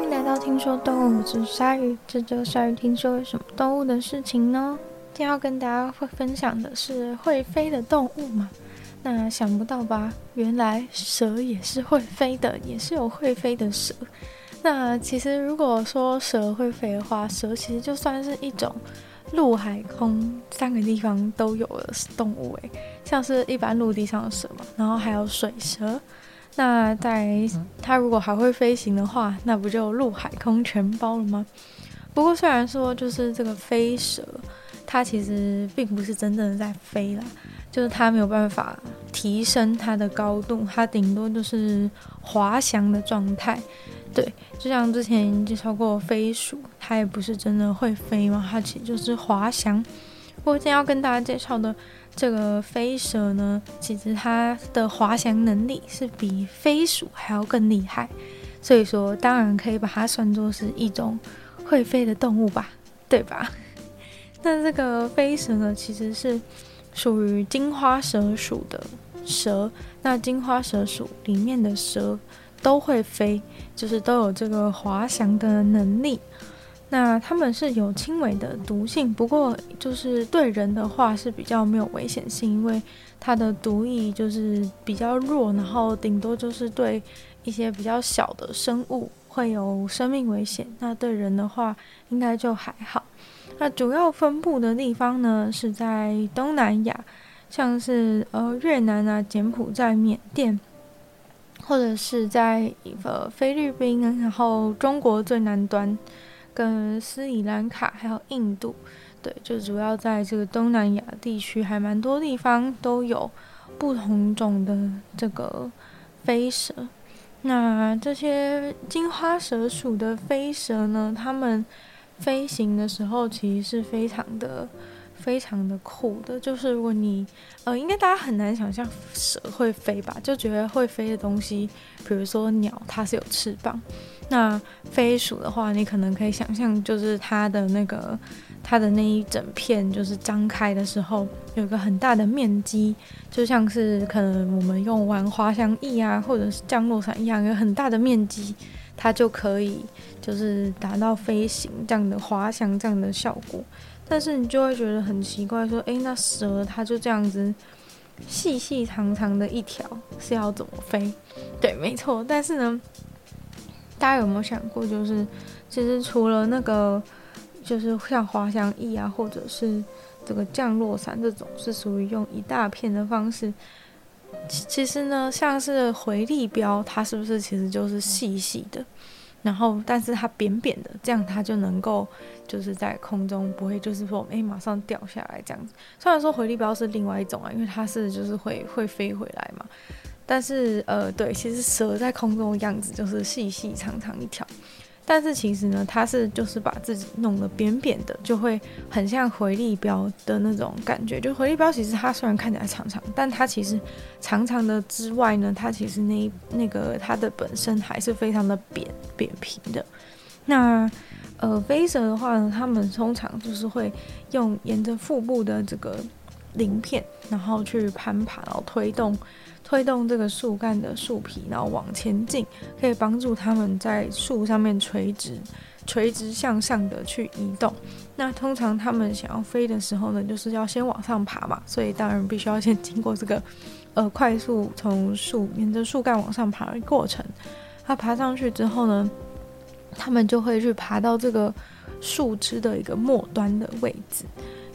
歡迎來到《聽說動物之鯊魚》，這周鯊魚聽說有什麼動物的事情呢？今天要跟大家分享的是會飛的動物嘛？那想不到吧？原來蛇也是會飛的，也是有會飛的蛇。那其實如果說蛇會飛的話，蛇其實就算是一種陸、海、空三個地方都有的動物誒，像是一般陸地上的蛇嘛，然後還有水蛇。那在它如果還會飛行的話，那不就陸海空全包了嗎？不過雖然說就是這個飛蛇，它其實並不是真正的在飛啦，就是它沒有辦法提升它的高度，它頂多就是滑翔的狀態。對，就像之前介紹過飛鼠，它也不是真的會飛嘛，它其實就是滑翔。我今天要跟大家介紹的這個飛蛇呢，其實它的滑翔能力是比飛鼠還要更厲害，所以說當然可以把它算作是一種會飛的動物吧，對吧？那這個飛蛇呢，其實是屬於金花蛇屬的蛇。那金花蛇屬裡面的蛇都會飛，就是都有這個滑翔的能力。那它們是有輕微的毒性，不過就是對人的話是比較沒有危險性，因為它的毒液就是比較弱，然後頂多就是對一些比較小的生物會有生命危險。那對人的話應該就還好。那主要分布的地方呢，是在東南亞，像是呃越南啊、柬埔寨、緬甸，或者是在呃菲律賓，然後中國最南端。跟斯里蘭卡還有印度，對，就主要在這個東南亞地區，還蠻多地方都有不同種的這個飛蛇。那這些金花蛇屬的飛蛇呢，它們飛行的時候其實是非常的。非常的酷的，就是如果你，呃，應該大家很難想象蛇會飛吧？就覺得會飛的東西，比如說鳥，它是有翅膀。那飛鼠的話，你可能可以想象，就是它的那個，它的那一整片，就是張開的時候，有個很大的面積，就像是可能我們用完滑翔翼啊，或者是降落傘一樣，有很大的面積，它就可以就是達到飛行這樣的滑翔這樣的效果。但是你就會覺得很奇怪，說，誒，那蛇它就這樣子細細長長的一條，是要怎麼飛？對，沒錯。但是呢，大家有沒有想過，就是其實除了那個，就是像滑翔翼啊，或者是這個降落傘這種，是屬於用一大片的方式。其，其實呢，像是回力鏢，它是不是其實就是細細的？然後，但是它扁扁的，這樣它就能夠就是在空中不會，就是說誒、欸、馬上掉下來這樣子。雖然說回力鏢是另外一種啊，因為它是就是會會飛回來嘛。但是呃，對，其實蛇在空中的樣子就是細細長長長一條。但是其實呢，它是就是把自己弄得扁扁的，就會很像回力鏢的那種感覺。就回力鏢，其實它雖然看起來長長，但它其實長長的之外呢，它其實那那個它的本身還是非常的扁扁平的。那呃，飛蛇的話呢，他們通常就是會用沿着腹部的這個。鱗片，然後去攀爬，然後推動，推動這個樹幹的樹皮，然後往前進，可以幫助它們在樹上面垂直、垂直向上的去移動。那通常它們想要飛的時候呢，就是要先往上爬嘛，所以當然必須要先經過這個，呃，快速從樹沿着樹幹往上爬的過程。它、啊、爬上去之後呢，它們就會去爬到這個樹枝的一個末端的位置。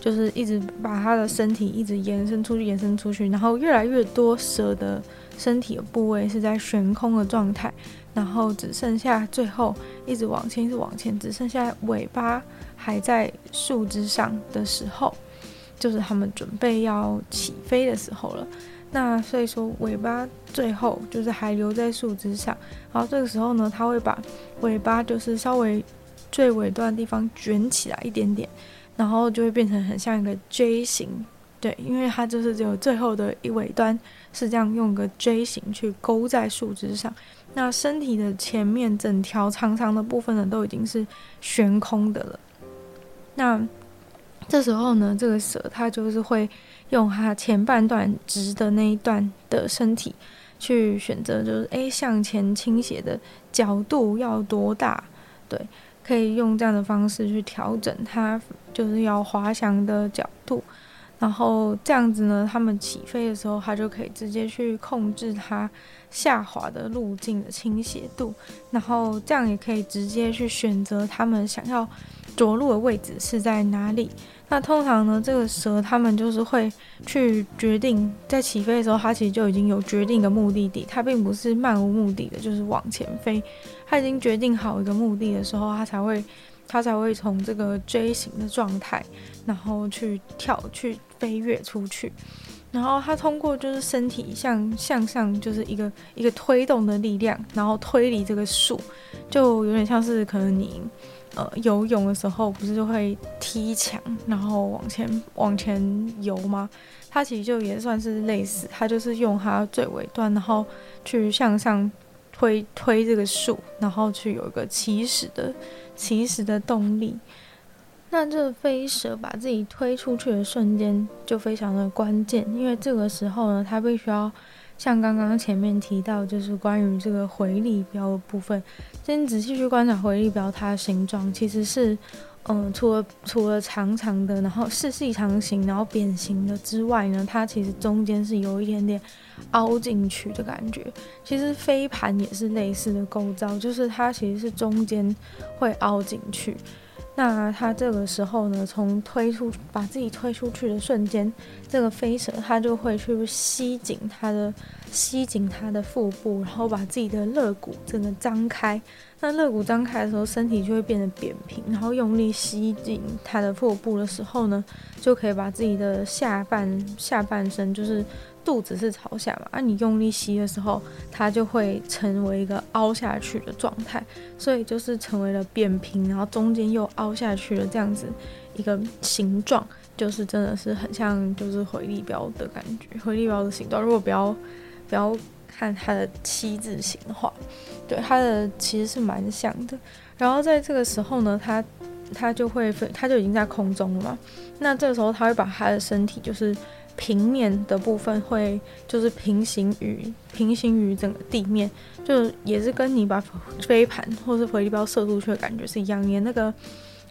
就是一直把它的身體一直延伸出去，延伸出去，然後越來越多蛇的身體的部位是在懸空的狀態，然後只剩下最後一直往前，一直往前，只剩下尾巴還在樹枝上的時候，就是他們準備要起飛的時候了。那所以說，尾巴最後就是還留在樹枝上，然後這個時候呢，它會把尾巴就是稍微最尾端的地方捲起來一點點。然後就會變成很像一個 J 型，對，因為它就是只有最後的一尾端是這樣用個 J 型去勾在樹枝上。那身體的前面整條長長的部分呢，都已經是懸空的了。那這時候呢，這個蛇它就是會用它前半段直的那一段的身體去選擇，就是誒向前傾斜的角度要多大，對。可以用這樣的方式去調整它，就是要滑翔的角度，然後這樣子呢，他們起飛的時候，它就可以直接去控制它下滑的路徑的傾斜度，然後這樣也可以直接去選擇他們想要。着陸的位置是在哪裡？那通常呢，這個蛇他們就是會去決定，在起飛的時候，它其實就已經有決定的目的地，它並不是漫無目的的，就是往前飛。它已經決定好一個目的的時候，它才會，它才會從這個錐形的狀態，然後去跳去飛躍出去。然後它通過就是身體向向上就是一個一個推動的力量，然後推離這個樹，就有點像是可能你，呃，游泳的時候不是就會踢牆，然後往前往前游嗎？它其實就也算是類似，它就是用它最尾端，然後去向上推推這個樹，然後去有一個起始的起始的動力。那這個飛蛇把自己推出去的瞬間就非常的關鍵，因為這個時候呢，它必須要。像剛剛前面提到，就是關於這個迴力鏢的部分，先仔細去觀察迴力鏢，它的形狀其實是，嗯、呃，除了除了長長的，然後細細長形，然後扁形的之外呢，它其實中間是有一點點凹進去的感覺。其實飛盤也是類似的構造，就是它其實是中間會凹進去。那他這個時候呢，從推出，把自己推出去的瞬間，這個飛蛇它就會去吸緊它的，吸緊他的腹部，然後把自己的肋骨整個張開。那肋骨張開的時候，身體就會變得扁平，然後用力吸緊它的腹部的時候呢，就可以把自己的下半，下半身就是。肚子是朝下嘛？啊，你用力吸的時候，它就會成為一個凹下去的狀態，所以就是成為了扁平，然後中間又凹下去的這樣子一個形狀，就是真的是很像就是回力鏢的感覺，回力鏢的形狀。如果不要不要看它的“七”字形的話，對，它的其實是蠻像的。然後在這個時候呢，它它就會飛，它就已經在空中了嘛。那這個時候，它會把它的身體就是。平面的部分會就是平行於平行於整個地面，就也是跟你把飛盤或是回力鏢射出去的感覺是一樣的。那個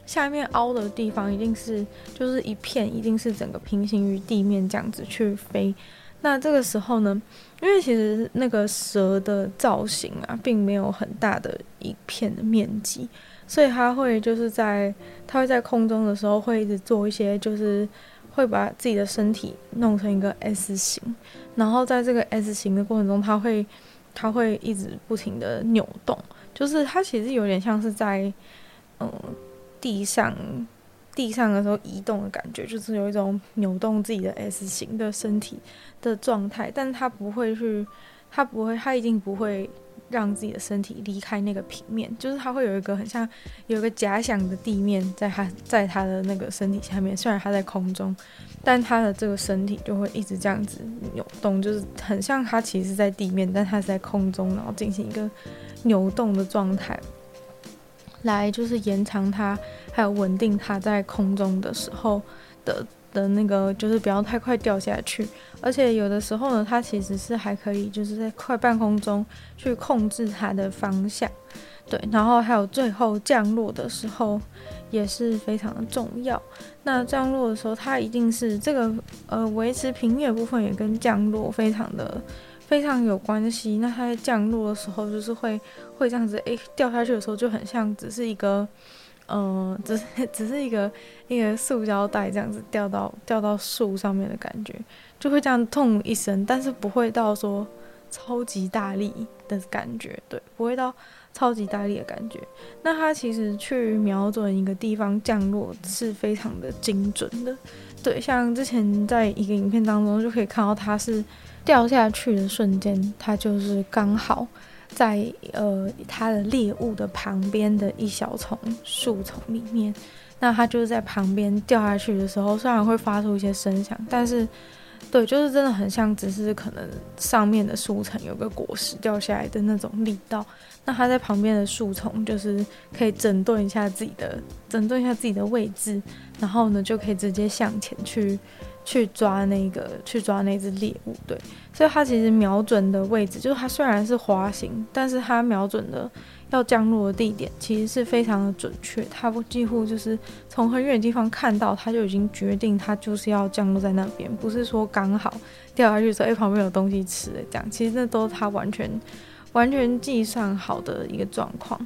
下面凹的地方一定是就是一片，一定是整個平行於地面這樣子去飛。那這個時候呢，因為其實那個蛇的造型啊，並沒有很大的一片的面積，所以它會就是在它會在空中的時候會一直做一些就是。會把自己的身體弄成一個 S 型，然後在這個 S 型的過程中，它會，它會一直不停的扭動，就是它其實有點像是在，嗯，地上，地上的時候移動的感覺，就是有一種扭動自己的 S 型的身體的狀態，但它不會去，它不會，它一定不會。讓自己的身體離開那個平面，就是它會有一個很像有一個假想的地面在它在它的那個身體下面。雖然它在空中，但它的這個身體就會一直這樣子扭動，就是很像它其實是在地面，但它是在空中，然後進行一個扭動的狀態來，就是延長它還有穩定它在空中的時候的。的那個就是不要太快掉下去，而且有的時候呢，它其實是還可以就是在快半空中去控制它的方向，對，然後還有最後降落的時候也是非常的重要。那降落的時候，它一定是這個呃維持平面部分也跟降落非常的非常有關係。那它在降落的時候就是會會這樣子，誒、欸，掉下去的時候就很像只是一個。嗯、呃，只是只是一個一個塑膠袋這樣子掉到掉到樹上面的感覺，就會這樣痛一聲，但是不會到說超級大力的感覺，對，不會到超級大力的感覺。那它其實去瞄準一個地方降落是非常的精準的，對，像之前在一個影片當中就可以看到，它是掉下去的瞬間，它就是剛好。在呃，它的獵物的旁邊的一小叢樹叢裡面，那它就是在旁邊掉下去的時候，雖然會發出一些聲響，但是，對，就是真的很像，只是可能上面的樹層有個果實掉下來的那種力道，那它在旁邊的樹叢就是可以整頓一下自己的，整頓一下自己的位置，然後呢，就可以直接向前去，去抓那個，去抓那隻獵物，對。所以它其實瞄準的位置，就是它雖然是滑行，但是它瞄準的要降落的地點，其實是非常的準確。它幾乎就是從很遠的地方看到，它就已經決定它就是要降落在那邊，不是說剛好掉下去說，哎、欸，旁邊有東西吃、欸，這樣。其實那都是它完全、完全計算好的一個狀況。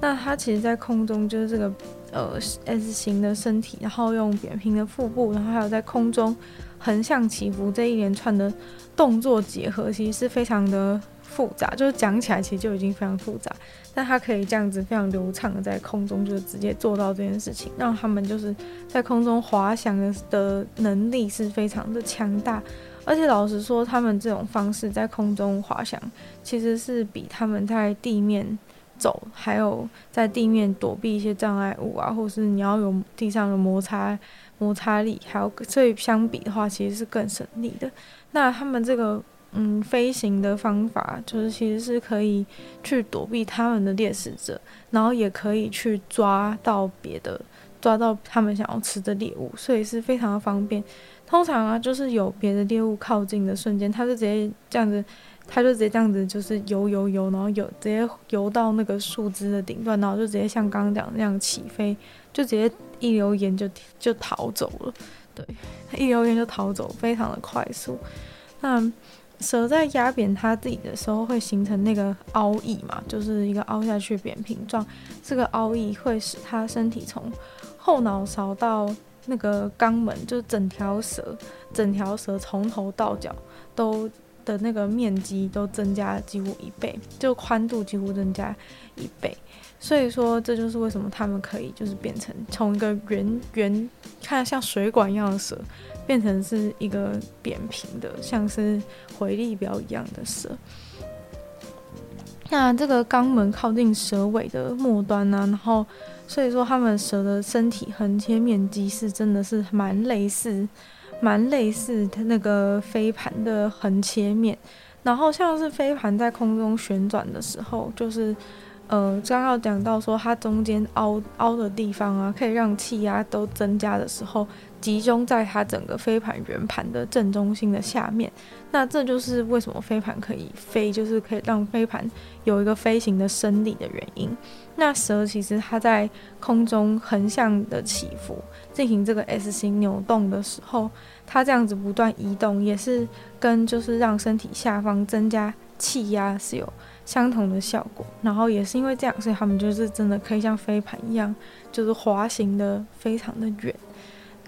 那它其實，在空中就是這個，呃，S 型的身體，然後用扁平的腹部，然後還有在空中橫向起伏這一連串的動作結合，其實是非常的複雜，就是講起來其實就已經非常複雜。但它可以這樣子非常流暢的在空中，就是直接做到這件事情，讓他們就是在空中滑翔的的能力是非常的強大。而且老實說，他們這種方式在空中滑翔，其實是比他們在地面。走，還有在地面躲避一些障礙物啊，或是你要有地上的摩擦摩擦力，還有所以相比的話，其實是更省力的。那他們這個嗯飛行的方法，就是其實是可以去躲避他們的獵食者，然後也可以去抓到別的抓到他們想要吃的獵物，所以是非常的方便。通常啊，就是有別的獵物靠近的瞬間，它是直接這樣子。它就直接這樣子，就是游游游，然後游直接游到那個樹枝的頂端，然後就直接像剛剛講那樣起飛，就直接一溜煙就就逃走了。對，他一溜煙就逃走，非常的快速。那蛇在壓扁它自己的時候，會形成那個凹翼嘛，就是一個凹下去扁平狀。這個凹翼會使它身體從後腦勺到那個肛門，就是整條蛇，整條蛇從頭到腳都。的那個面積都增加了幾乎一倍，就寬度幾乎增加一倍，所以說這就是為什麼他們可以就是變成從一個圓圓看像水管一樣的蛇，變成是一個扁平的像是回力鏢一樣的蛇。那這個肛門靠近蛇尾的末端呢、啊，然後所以說他們蛇的身體橫切面積是真的是蠻類似。蠻類似它那個飛盤的橫切面，然後像是飛盤在空中旋轉的時候，就是，呃，剛剛講到說它中間凹凹的地方啊，可以讓氣壓都增加的時候。集中在它整個飛盤圓盤的正中心的下面，那這就是為什麼飛盤可以飛，就是可以讓飛盤有一個飛行的生理的原因。那蛇其實它在空中橫向的起伏，進行這個 S 型扭動的時候，它這樣子不斷移動，也是跟就是讓身體下方增加氣壓是有相同的效果。然後也是因為這樣，所以它們就是真的可以像飛盤一樣，就是滑行得非常的遠。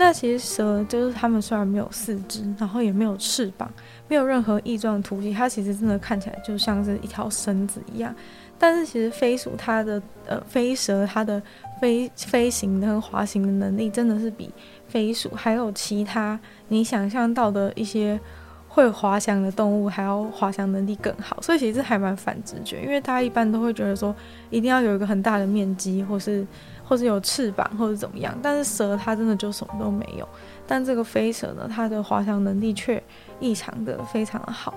那其實蛇就是它們，雖然沒有四肢，然後也沒有翅膀，沒有任何翼狀突起，它其實真的看起來就像是一條繩子一樣。但是其實飛鼠它的呃飛蛇它的飛飛行和滑行的能力真的是比飛鼠還有其他你想象到的一些會滑翔的動物還要滑翔能力更好。所以其實還蠻反直覺，因為大家一般都會覺得說一定要有一個很大的面積，或是。或者有翅膀，或者怎麼樣，但是蛇它真的就什麼都沒有。但這個飛蛇呢，它的滑翔能力卻異常的非常的好。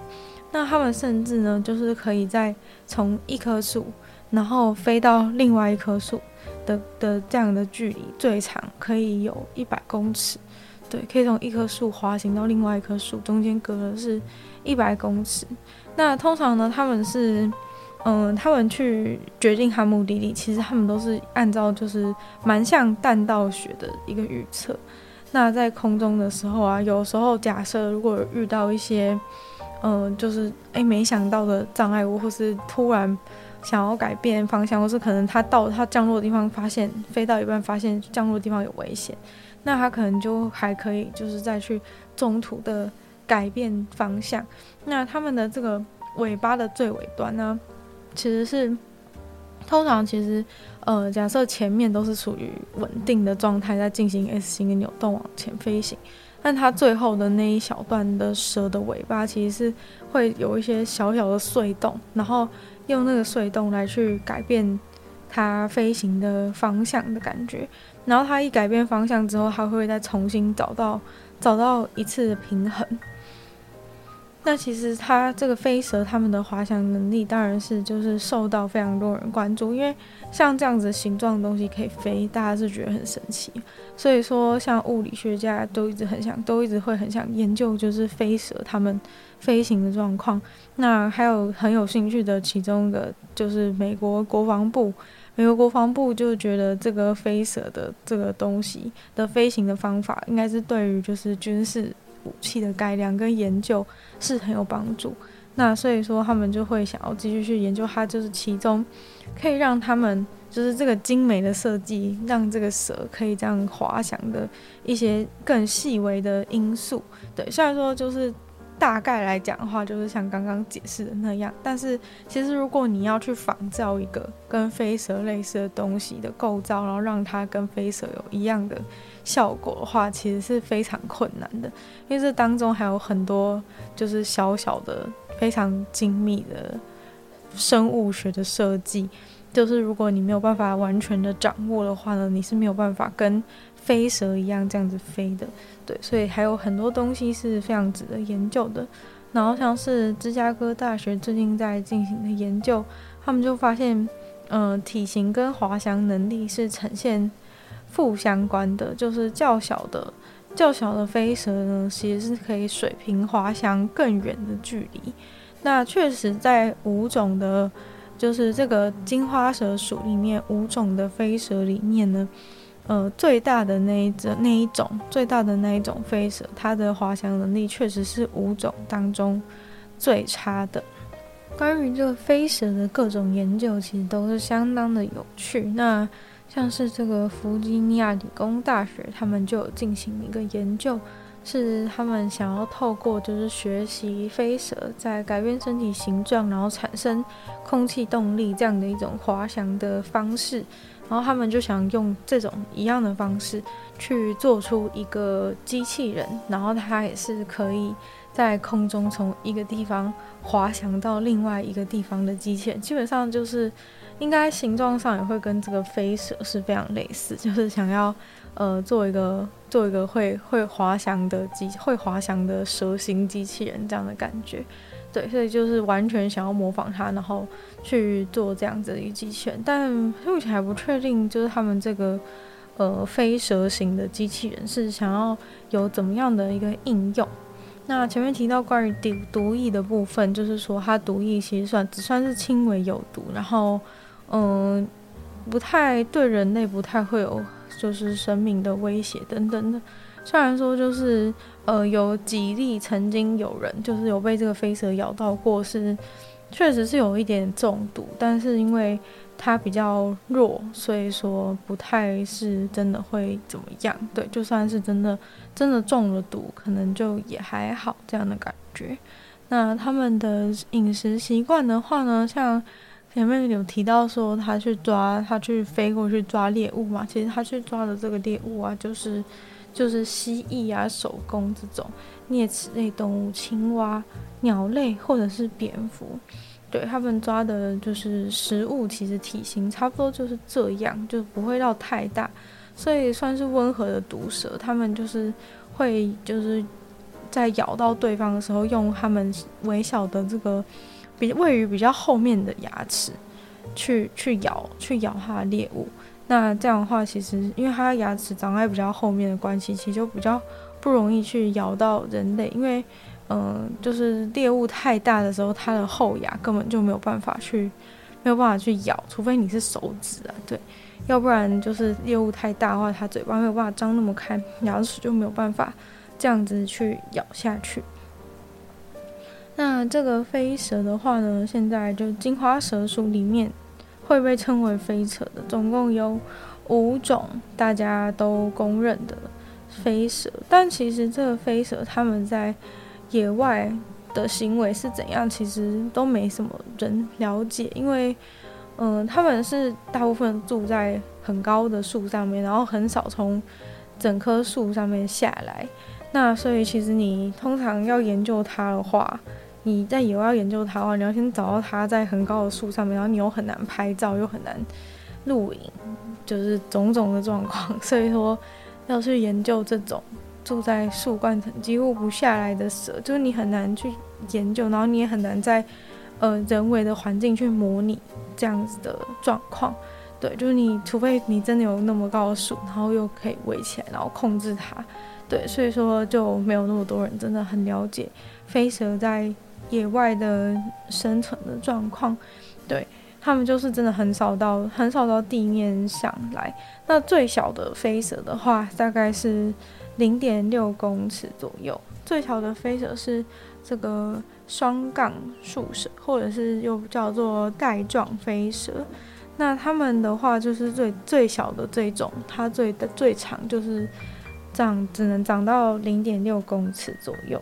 那它們甚至呢，就是可以在從一棵樹，然後飛到另外一棵樹的的這樣的距離最長可以有一百公尺。對，可以從一棵樹滑行到另外一棵樹，中間隔的是一百公尺。那通常呢，它們是。嗯，他們去決定他目的地，其實他們都是按照就是蠻像彈道學的一個預測。那在空中的時候啊，有時候假設如果遇到一些嗯，就是哎、欸、沒想到的障礙物，或是突然想要改變方向，或是可能他到他降落的地方發現飛到一半發現降落的地方有危險，那他可能就還可以就是再去中途的改變方向。那他們的這個尾巴的最尾端呢、啊？其實是，通常其實，呃，假設前面都是處於穩定的狀態，在進行 S 型的扭動往前飛行，但它最後的那一小段的蛇的尾巴，其實是會有一些小小的隧洞，然後用那個隧洞來去改變它飛行的方向的感覺，然後它一改變方向之後，它會再重新找到找到一次的平衡。那其實它這個飛蛇它們的滑翔能力當然是就是受到非常多人關注，因為像這樣子形狀的東西可以飛，大家是覺得很神奇，所以說像物理學家都一直很想，都一直會很想研究就是飛蛇它們飛行的狀況。那還有很有興趣的其中一個就是美國國防部，美國國防部就覺得這個飛蛇的這個東西的飛行的方法應該是對於就是軍事。武器的改良跟研究是很有幫助，那所以說他們就會想要繼續去研究它，就是其中可以讓他們就是這個精美的設計，讓這個蛇可以這樣滑翔的一些更細微的因素。對，雖然說就是。大概來講的話，就是像剛剛解釋的那樣。但是，其實如果你要去仿造一個跟飛蛇類似的東西的構造，然後讓它跟飛蛇有一樣的效果的話，其實是非常困難的，因為這當中還有很多就是小小的、非常精密的生物學的設計。就是如果你沒有辦法完全的掌握的話呢，你是沒有辦法跟飛蛇一樣這樣子飛的，對，所以還有很多東西是非常值得研究的。然後像是芝加哥大學最近在進行的研究，他們就發現，嗯、呃，體型跟滑翔能力是呈現負相關的，就是較小的、較小的飛蛇呢，其實是可以水平滑翔更遠的距離。那確實，在五種的，就是這個金花蛇屬裡面五種的飛蛇裡面呢，呃，最大的那一隻那一種最大的那一種飛蛇，它的滑翔能力確實是五種當中最差的。關於這個飛蛇的各種研究，其實都是相當的有趣。那像是這個弗吉尼亞理工大學，他們就有進行一個研究，是他們想要透過就是學習飛蛇，在改變身體形狀，然後產生空氣動力這樣的一種滑翔的方式。然後他們就想用這種一樣的方式去做出一個機器人，然後它也是可以在空中從一個地方滑翔到另外一個地方的機器人。基本上就是應該形狀上也會跟這個飛蛇是非常類似，就是想要呃做一個做一個會會滑翔的機會滑翔的蛇形機器人這樣的感覺。對，所以就是完全想要模仿它，然後去做這樣子的一個機器人，但目前還不確定，就是他們這個呃飛蛇型的機器人是想要有怎麼樣的一個應用。那前面提到關於毒毒液的部分，就是說它毒液其實算只算是輕微有毒，然後嗯、呃、不太對人類不太會有就是生命的威脅等等的。雖然說就是。呃，有幾例曾經有人就是有被這個飛蛇咬到過，是確實是有一點點中毒，但是因為它比較弱，所以說不太是真的會怎麼樣。對，就算是真的真的中了毒，可能就也還好這樣的感覺。那他們的飲食習慣的話呢，像前面有提到說他去抓，他去飛過去抓獵物嘛，其實他去抓的這個獵物啊，就是。就是蜥蜴啊、守宮這種齧齒類動物、青蛙、鳥類或者是蝙蝠，對，他們抓的就是食物，其實體型差不多就是這樣，就不會到太大，所以算是溫和的毒蛇。它們就是會就是在咬到對方的時候，用它們微小的這個比位於比較後面的牙齒去去咬去咬它的獵物。那這樣的話，其實因為它牙齒長在比較後面的關係，其實就比較不容易去咬到人類。因為，嗯、呃，就是獵物太大的時候，它的後牙根本就沒有辦法去，沒有辦法去咬，除非你是手指啊，對，要不然就是獵物太大的話，它嘴巴沒有辦法張那麼開，牙齒就沒有辦法這樣子去咬下去。那這個飛蛇的話呢，現在就金花蛇屬裡面。會被稱為飛蛇的，總共有五種大家都公認的飛蛇，但其實這個飛蛇它們在野外的行為是怎樣，其實都沒什麼人了解，因為，嗯、呃，他們是大部分住在很高的樹上面，然後很少從整棵樹上面下來，那所以其實你通常要研究它的話。你在以後要研究它的話，你要先找到它在很高的樹上面，然後你又很難拍照，又很難錄影，就是種種的狀況。所以說要去研究這種住在樹冠層幾乎不下來的蛇，就是你很難去研究，然後你也很難在呃人為的環境去模擬這樣子的狀況。對，就是你除非你真的有那麼高的樹，然後又可以圍起來，然後控制它。對，所以說就沒有那麼多人真的很了解飛蛇在。野外的生存的狀況，對，他們就是真的很少到很少到地面上來。那最小的飛蛇的話，大概是零點六公尺左右。最小的飛蛇是這個雙槓樹蛇，或者是又叫做帶狀飛蛇。那他們的話就是最最小的這種，它最最長就是長，只能長到零點六公尺左右。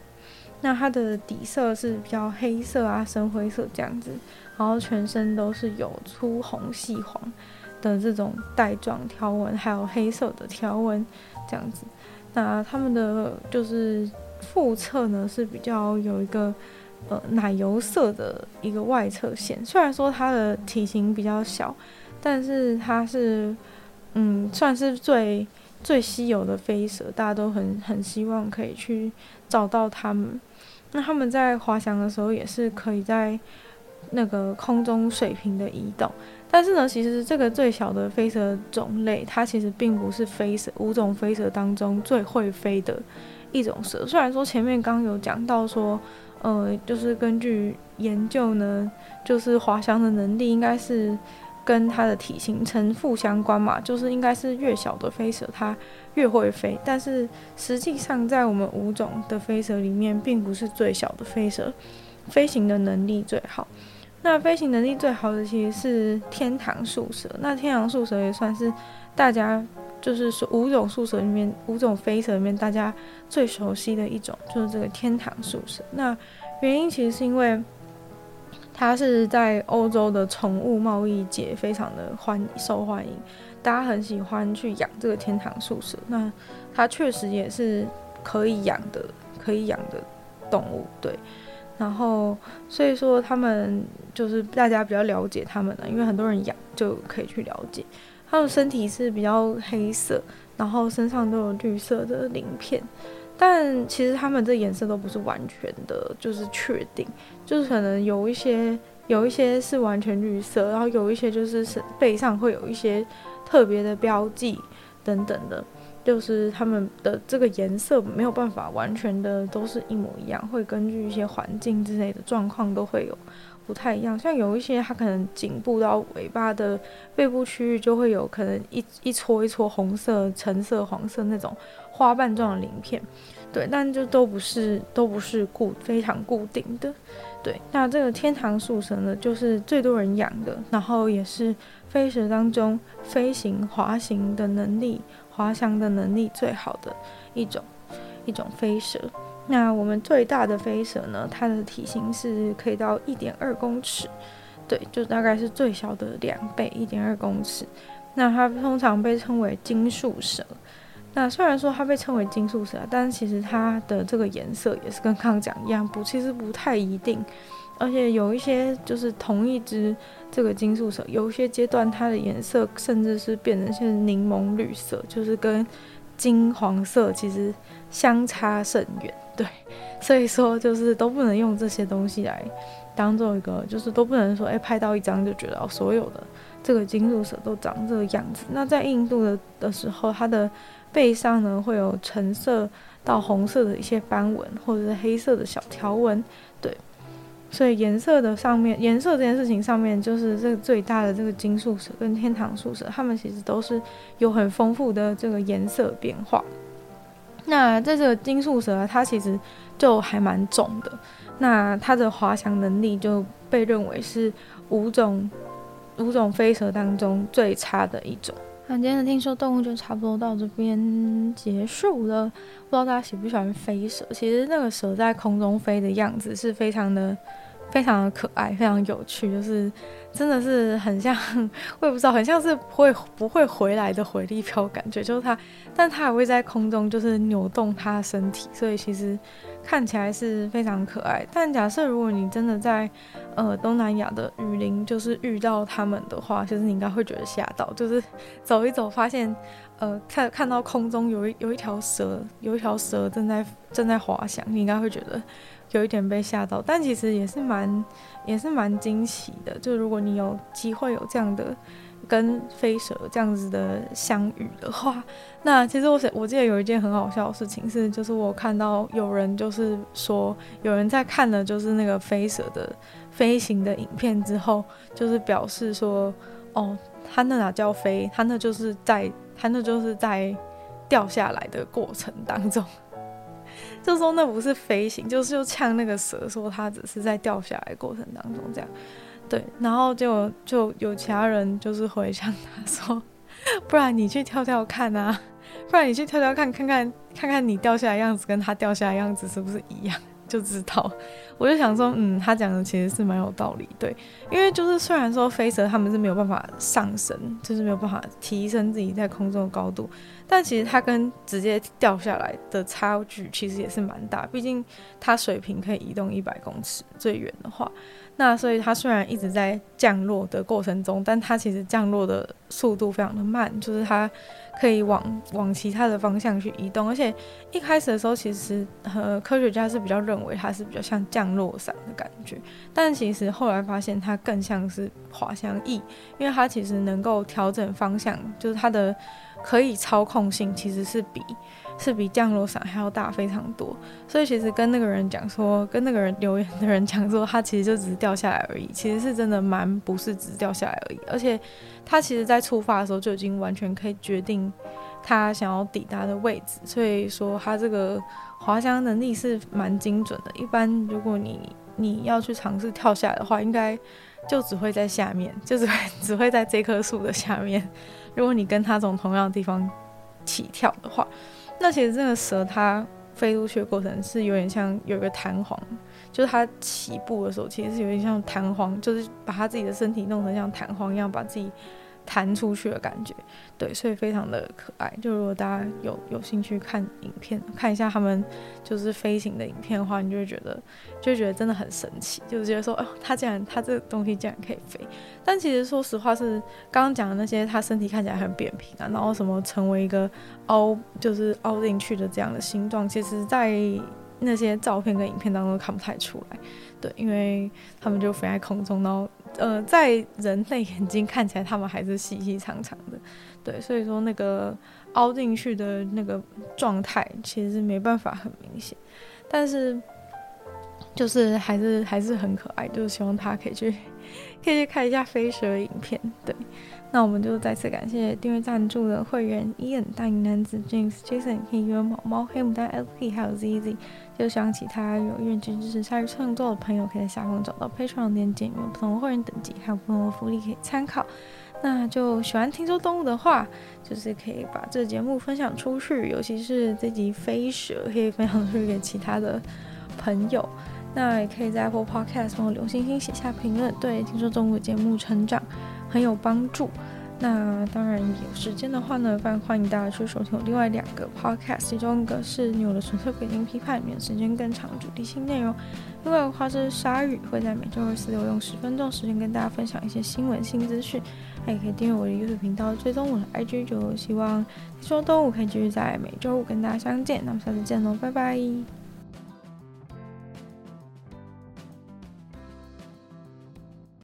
那它的底色是比較黑色啊，深灰色這樣子，然後全身都是有粗紅細黃的這種帶狀條紋，還有黑色的條紋這樣子。那它們的就是腹側呢是比較有一個呃奶油色的一個外側線，雖然說它的體型比較小，但是它是嗯算是最最稀有的飛蛇，大家都很很希望可以去找到它們。那他們在滑翔的時候，也是可以在那個空中水平的移動。但是呢，其實這個最小的飛蛇種類，它其實並不是飛蛇，五種飛蛇當中最會飛的一種蛇。雖然說前面剛剛有講到說，呃，就是根據研究呢，就是滑翔的能力應該是。跟它的體型呈負相關嘛，就是應該是越小的飛蛇它越會飛，但是實際上在我們五種的飛蛇裡面，並不是最小的飛蛇，飛行的能力最好。那飛行能力最好的其實是天堂樹蛇。那天堂樹蛇也算是大家就是說五種樹蛇裡面，五種飛蛇裡面大家最熟悉的一種，就是這個天堂樹蛇。那原因其實是因為。它是在歐洲的寵物貿易界非常的歡受歡迎，大家很喜歡去養這個天堂樹蛇，那它確實也是可以養的，可以養的動物，對。然後，所以說他們就是大家比較了解它們的，因為很多人養就可以去了解。它們身體是比較黑色，然後身上都有綠色的鱗片。但其實它們這顏色都不是完全的，就是確定，就是可能有一些，有一些是完全綠色，然後有一些就是是背上會有一些特別的標記等等的，就是它們的這個顏色沒有辦法完全的都是一模一樣，會根據一些環境之類的狀況都會有不太一樣，像有一些它可能頸部到尾巴的背部區域就會有可能一一撮一撮紅色、橙色、黃色那種花瓣狀的鱗片，對，但就都不是都不是固非常固定的，對。那這個天堂樹蛇呢，就是最多人養的，然後也是飛蛇當中飛行、滑行的能力、滑翔的能力最好的一種一種飛蛇。那我們最大的飛蛇呢？它的體型是可以到一點二公尺，對，就大概是最小的兩倍，一點二公尺。那它通常被稱為金樹蛇。那雖然說它被稱為金樹蛇，但是其實它的這個顏色也是跟剛剛講一樣，不，其實不太一定。而且有一些就是同一只這個金樹蛇，有一些階段它的顏色甚至是變成是檸檬綠色，就是跟金黃色其實相差甚遠。對，所以說就是都不能用這些東西來當做一個，就是都不能說哎拍到一張就覺得、哦、所有的這個金樹蛇都長這個樣子。那在印度的的時候，它的背上呢會有橙色到紅色的一些斑紋，或者是黑色的小條紋。對，所以顏色的上面，顏色這件事情上面，就是這最大的這個金樹蛇跟天堂樹蛇，它們其實都是有很豐富的這個顏色變化。那這個金屬蛇、啊，它其實就還蠻重的，那它的滑翔能力就被認為是五種五種飛蛇當中最差的一種。那、啊、今天的聽說動物就差不多到這邊結束了，不知道大家喜不喜歡飛蛇？其實那個蛇在空中飛的樣子是非常的。非常的可愛，非常有趣，就是真的是很像，我也不知道，很像是會不會回來的回力鏢感覺，就是它，但它也會在空中就是扭動它的身體，所以其實看起來是非常的可愛。但假設如果你真的在呃東南亞的雨林就是遇到它們的話，其實你應該會覺得嚇到，就是走一走發現呃看看到空中有一有一條蛇，有一條蛇正在正在滑翔，你應該會覺得。有一點被嚇到，但其實也是蠻，也是蠻驚喜的。就如果你有機會有這樣的跟飛蛇這樣子的相遇的話，那其實我想，我記得有一件很好笑的事情是，就是我看到有人就是說，有人在看了就是那個飛蛇的飛行的影片之後，就是表示說，哦，他那哪叫飛，他那就是在，他那就是在掉下來的過程當中。就說那不是飛行，就是又嗆那個蛇，說它只是在掉下來的過程當中這樣，對，然後就就有其他人就是回嗆他說，不然你去跳跳看啊，不然你去跳跳看看，看看，看看你掉下來的樣子跟他掉下來的樣子是不是一樣。就知道，我就想說，嗯，他講的其實是蠻有道理，對，因為就是雖然說飛蛇他們是沒有辦法上升，就是沒有辦法提升自己在空中的高度，但其實它跟直接掉下來的差距其實也是蠻大，畢竟它水平可以移動一百公尺，最遠的話。那所以它雖然一直在降落的過程中，但它其實降落的速度非常的慢，就是它可以往往其他的方向去移動。而且一開始的時候，其實呃科學家是比較認為它是比較像降落傘的感覺，但其實後來發現它更像是滑翔翼，因為它其實能夠調整方向，就是它的可以操控性其實是比。是比降落傘還要大非常多，所以其實跟那個人講說，跟那個人留言的人講說，他其實就只是掉下來而已，其實是真的蠻不是只是掉下來而已，而且他其實在出發的時候就已經完全可以決定他想要抵達的位置，所以說他這個滑翔能力是蠻精準的。一般如果你你要去嘗試跳下來的話，應該就只會在下面，就只會只會在這棵樹的下面。如果你跟他從同樣的地方起跳的話。那其實這個蛇它飛出去的過程是有點像有一個彈簧，就是它起步的時候其實是有點像彈簧，就是把它自己的身體弄成像彈簧一樣，把自己。彈出去的感覺，對，所以非常的可愛。就如果大家有有興趣看影片，看一下他們就是飛行的影片的話，你就會覺得，就會覺得真的很神奇，就覺得說，哦，它竟然，它這個東西竟然可以飛。但其實說實話是，是剛剛講的那些，它身體看起來很扁平啊，然後什麼成為一個凹，就是凹進去的這樣的形狀，其實在那些照片跟影片當中看不太出來。對，因為他們就飛在空中，然後。呃，在人類眼睛看起來，他們還是細細長長的，對，所以說那個凹進去的那個狀態其實沒辦法很明顯，但是就是還是還是很可愛，就是希望他可以去可以去看一下飛蛇影片，對。那我們就再次感謝訂閱贊助的會員 Ian 大銀男子 James Jason 黑羽毛貓黑牡丹 LP 還有 Z Z，就想其他有認真支持參與創作的朋友可以在下方找到 Patreon 的鏈接，有不同的會員等級還有不同的福利可以參考。那就喜歡聽說動物的話，就是可以把這個節目分享出去，尤其是這集飛蛇可以分享出去給其他的朋友。那也可以在 Apple Podcast 送劉星星寫下評論，對聽說動物的節目成長。很有幫助。那當然有時間的話呢，非常歡迎大家去收聽我另外兩個 podcast，其中一個是女友的純粹不理性批判，裡面時間更長，主題性內容；另外的話是鯊語，會在每周二、四、六用十分鐘時間跟大家分享一些新聞新資訊。還也可以訂閱我的 YouTube 頻道，追蹤我的 IG。就希望聽說動物我可以繼續在每周五跟大家相見。那麼下次見嘍，拜拜。